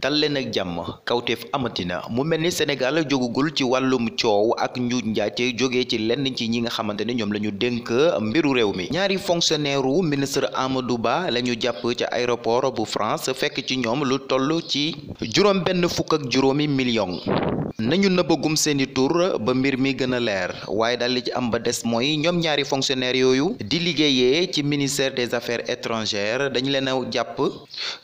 dal leen ak jàmm kawteef amatina mu mel ni Sénégal jógagul ci wàllum coow ak njuuj njaaj jóge ci lenn ci ñi nga xamante ne ñoom la ñu dénk mbiru réew mi ñaari fonctionnaire wu ministre Amadou Ba la ñu jàpp ca aéroport bu France fekk ci ñoom lu toll ci juróom fukk ak juróomi million nañu nëbbagum seeni tur ba mbir mi gën a leer waaye daal li ci am ba des mooy ñoom ñaari fonctionnaire yooyu di liggéeyee ci ministère des affaires étrangères dañu leen a jàpp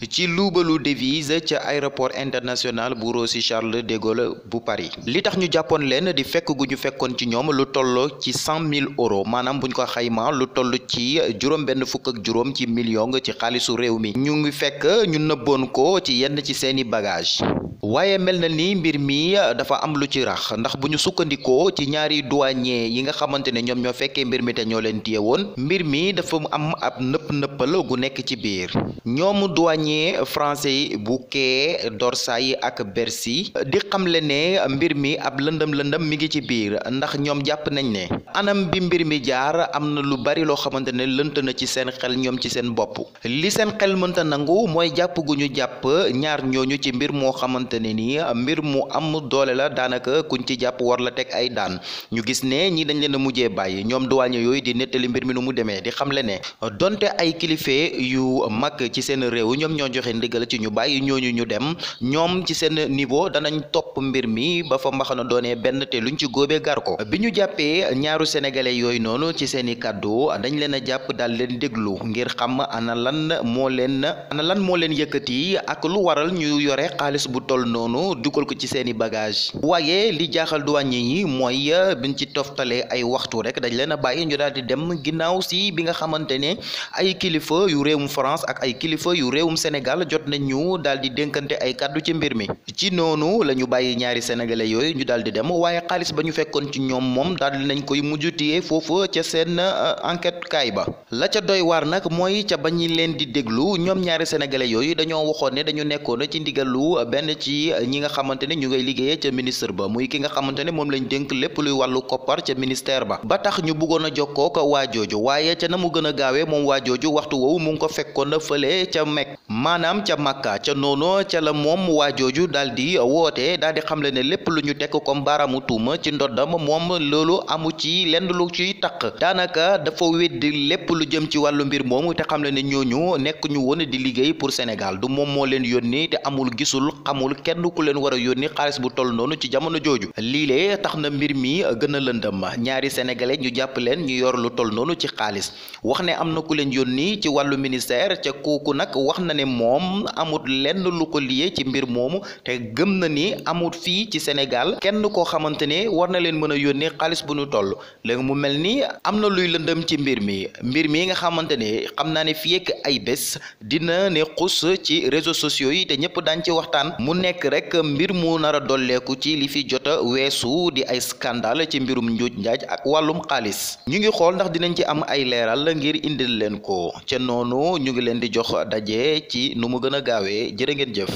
ci luubalu devise ca aéroport international bu Roissy Charles de Gaulle bu Paris li tax ñu jàppoon leen di fekk gu ñu fekkoon ci ñoom lu toll ci cent mille euros maanaam bu ñu ko xayma lu toll ci juróom benn fukk ak juróom ci million ci xaalisu réew mi ñu ngi fekk ñu nëbboon ko ci yenn ci seeni bagage waaye mel na ni mbir mi dafa am lu ci rax ndax bu ñu sukkandikoo ci ñaari douanier yi nga xamante ne ñoom ñoo fekkee mbir mi te ñoo leen téye woon mbir mi dafa am ab nëpp nëppal gu nekk ci biir ñoom douanier français yi bu Quai d'Orsay ak Bercy di xamle ne mbir mi ab lëndëm lëndëm mi ngi ci biir ndax ñoom jàpp nañ ne anam bi mbir mi jaar am na lu bari loo xamante ne lënt na ci seen xel ñoom ci seen bopp li seen xel mënta nangu mooy jàpp gu ñu jàpp ñaar ci mbir moo xamante xamante ne nii mbir mu am doole la daanaka kuñ ci jàpp war la teg ay daan ñu gis ne ñii dañ leen a mujjee bàyyi ñoom duwaañe yooyu di nettali mbir mi nu mu demee di xamle ne donte ay kilife yu mag ci seen réew ñoom ñoo joxe ndigal ci ñu bàyyi ñooñu ñu dem ñoom ci seen niveau danañ topp mbir mi ba fa mbaxana doonee benn te luñ ci góobee gar ko bi ñu jàppee ñaaru sénégalais yooyu noonu ci seeni kàddu dañ leen a jàpp daal leen déglu ngir xam ana lan moo leen ana noonu dugal ko ci seeni bagage waaye li jaaxal douanier yi mooy euh, biñ ci toftalee ay waxtu rek dañ leen a bàyyi ñu daal di dem ginnaaw si bi nga xamante ne ay kilifa yu réewum France ak ay kilifa yu réewum Sénégal jot nañ ñu daal di dénkante ay kàddu ci mbir mi ci noonu la ñu bàyyi ñaari sénégalais yooyu ñu daal di dem waaye xaalis ba ñu fekkoon ci ñoom moom daal di nañ koy mujj téye foofu ca seen uh, enquête kaay ba la ca doy waar nag mooy ca ba ñu leen di déglu ñoom ñaari sénégalais yooyu dañoo waxoon ne dañu nekkoon ci ndigalu benn ci ñi nga xamante ne ñu liggéeyee ca ministre ba muy ki nga xamante ne moom lañ dénk lépp luy wàllu kopp koppar ca ministère ba ba tax ñu bëggoon a jokkoo ko waa jooju waaye ca na mu gën a gaawee moom waa jooju waxtu woowu mu ngi ko fekkoon na fële ca Mekk maanaam ca Makka ca noonu ca la moom waa jooju daal di woote daal di xamle ne lépp lu ñu tekk comme baaraamu tuuma ci ndoddam moom loolu amu ci lenn lu ciy taq daanaka dafa weddi lépp lu jëm ci wàllu mbir moomu te xam la ne ñooñu nekk ñu woon di liggéey pour Sénégal du moom moo leen yónni te amul gisul xamul kenn ku leen war a yónni xaalis bu toll noonu ci jamono jooju lii tax na mbir mi gën a lëndëm ma ñaari sénégalais ñu jàpp leen ñu yor lu toll noonu ci xaalis wax ne am na ku leen yónni ci wàllu ministère ca kooku nag wax na ne moom amut lenn lu ko liyee ci mbir moomu te gëm na ni amut fii ci Sénégal kenn koo xamante ne war na leen mën a yónnee xaalis bu ñu toll léegi mu mel ni am na luy lëndëm ci mbir mi mbir mii nga xamante ne xam naa ne fii ak ay bés dina ne xus ci réseaux sociaux yi te ñëpp daañ ci waxtaan mu nekk rek mbir mu nar a dolleeku ci njuuj njaaj ak wàllum xaalis ñu ngi xool ndax dinañ ci am ay leeral ngir indi leen ko ca noonu ñu ngi leen di jox daje ci nu mu gën a gaawee jërë ngeen jëf